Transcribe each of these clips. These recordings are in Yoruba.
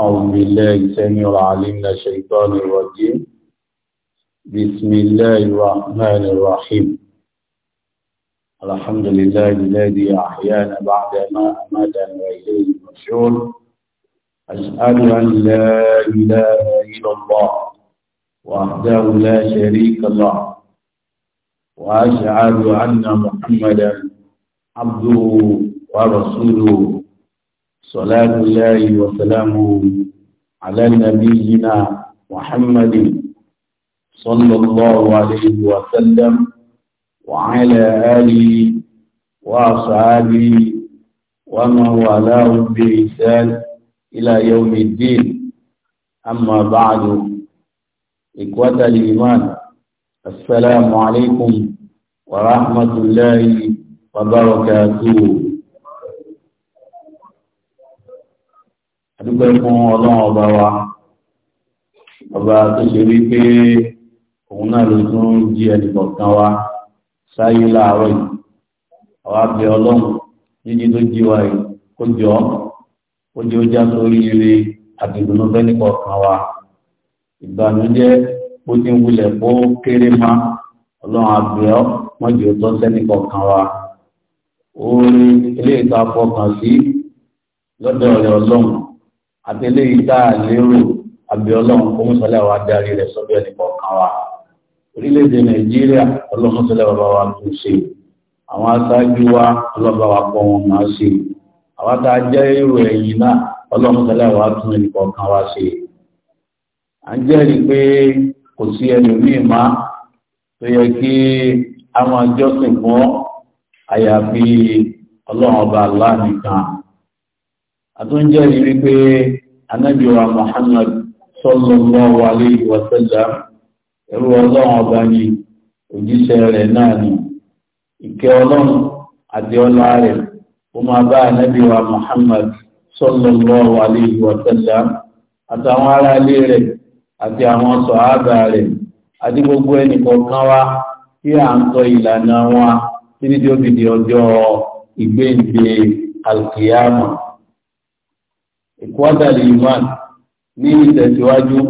أعوذ بالله سميع العليم الشيطان الرجيم بسم الله الرحمن الرحيم الحمد لله الذي أحيانا بعد ما أماتنا وإليه النشور أشهد أن لا إله إلا الله وحده لا شريك له وأشهد أن محمدا عبده ورسوله صلاة الله وسلامه على نبينا محمد صلى الله عليه وسلم وعلى آله وأصحابه ومن والاه برسال إلى يوم الدين أما بعد إخوة الإيمان السلام عليكم ورحمة الله وبركاته dúpẹ́ fún ọlọ́run ọba wa ọba tó ṣe wí pé òun náà ló tún jí ẹnìkọ̀ọ̀kan wa sáyé láàárọ̀ yìí àwa bẹ ọlọ́run jíjí tó jí wa yìí kó jọ ó jẹ́ ó já sórí ire àti ìdùnnú fẹ́nìkọ̀ọ̀kan wa ìbànújẹ́ bó ti ń wulẹ̀ kó kéré má ọlọ́run àbẹ̀ ọ́ wọ́n jẹ́ òótọ́ sẹ́nìkọ̀ọ̀kan wa orí ilé ìta fọkàn sí lọ́dọ̀ rẹ̀ ọlọ́run àtẹlé ìdá lérò àbí ọlọ́run kó mọ́sálẹ̀ wa darí rẹ̀ sọ́bẹ̀ nìkan kan wa orílẹ̀-èdè nàìjíríà ọlọ́run mọ́sálẹ̀ bàbá wa tó ṣe àwọn aṣáájú wa ọlọ́ba wa kọ́ wọn máa ṣe àwọn tá a jẹ́ èrò ẹ̀yìn náà ọlọ́run mọ́sálẹ̀ wa tún nìkan kan wa ṣe à ń jẹ́rìí pé kò sí ẹlòmíì má tó yẹ kí àwọn àjọsìn fún àyàfi ọlọ́run ọba aláàánú kan àtúnjẹ́ rí wípé anábì wa Muhammad sallallahu alayhi wa sallam ẹrú ọlọ́run ọba ni òjíṣẹ́ rẹ̀ náà ni ìkẹ́ ọlọ́run àti ọlá rẹ̀ ó máa bá anábì wa Muhammad sallallahu alayhi wa sallam àtàwọn ará ilé rẹ̀ àti àwọn sọ̀hábà rẹ̀ àti gbogbo ẹnì kọ̀ọ̀kan wa tí à ń tọ ìlànà wa títí tí ó fi di ọjọ́ ìgbéǹde alkiyama ìkúwádà lèman ní ìtẹ̀síwájú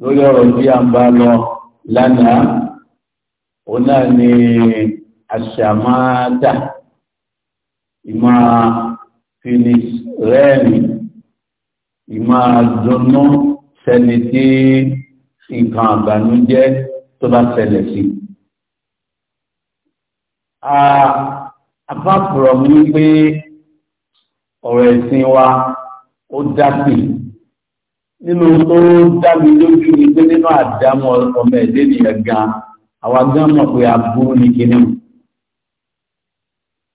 lórí ọ̀rọ̀ tí a ń bá lọ lánàá òun náà ni àṣàmáàdà ìmọ̀ phoenix rẹ́ẹ̀mì ìmọ̀ dùnnú sẹni tí nǹkan àbànújẹ́ tó bá ṣẹlẹ̀ sí. Ah, apart from wípé ọ̀rọ̀ ẹ̀sìn wa ó dápè nínú tó dábì lójú ni pé nínú àdámọ̀ ọmọ ẹ̀dẹ́ nìyẹn gan àwa gan mọ̀ pé aburú ni kíní mu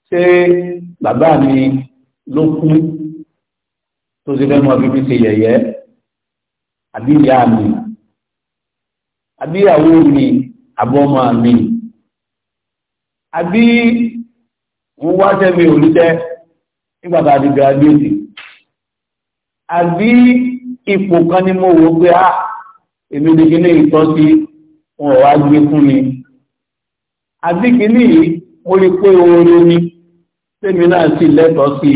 ṣé bàbá mi ló kú tó ṣe fẹ́ mọ bíbí ṣe yẹ̀yẹ́ àbí ìyá mi àbí ìyàwó mi àbọ́mọ mi àbí wọ́n wá sẹ́mi òrùtẹ́ nígbà tá a ti gbé agbèsè àbí ipò kan ni mo wò pé ah èmi ni kí ní ìtọ́ sí wọn wá gbé fún mi àbí kí ní mo rí pé oore ni tèmi náà sì lẹ́tọ̀ọ́ sí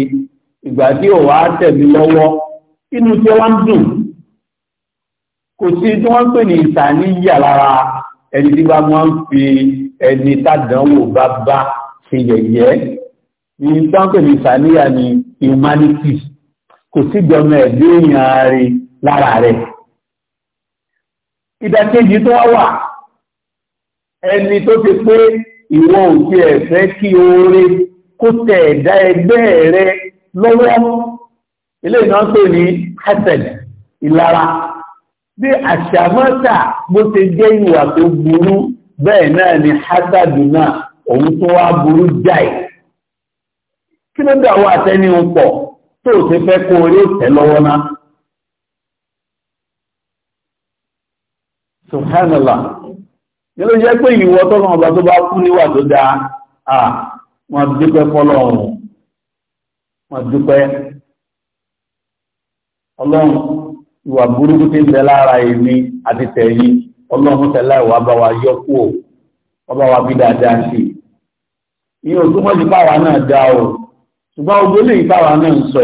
ìgbà tí ò wá tẹ̀mí lọ́wọ́ inú tí wọ́n ń dùn kò sí tí wọ́n pè ní ìsàníyà lára ẹni tí bá wọ́n fi ẹni tàdánwò bá bá ṣe yẹ̀yẹ́ ní ìtàn pè ní ìsàníyà ni humanities kò síjọmọ ẹ̀bí èèyàn rí lára rẹ̀ ìdàkejì tó wá wà ẹni tó ti pé ìwọ òkè ẹ̀fẹ́ kí oore kó tẹ ẹ̀dá ẹgbẹ́ rẹ lọ́wọ́ ilé ìnáwó pè ní hassan ìlara bí àṣàmọ́ta bó ti jẹ́ ìwà tó burú bẹ́ẹ̀ náà ni hasadu náà òun tó wá burú jáì kí ló dà wá àtẹ́ni ń pọ̀ tó o ti fẹ́ kó orí òtẹ́ lọ́wọ́ ná. subhanallah ní ló jẹ́ pé ìwọ tó kàn ọba tó bá kú níwà tó dáa à wọ́n dúpẹ́ fọlọ́run wọ́n dúpẹ́ ọlọ́run ìwà burúkú ti ń bẹ lára èmi àti tẹ̀yìn ọlọ́run tẹ̀lá ìwà bá wa yọ kú ò ọba wa bí dáadáa sí ìyẹn òtún mọ́jú pàwọn náà dá o ṣùgbọ́n ogun lè gbáwa náà sọ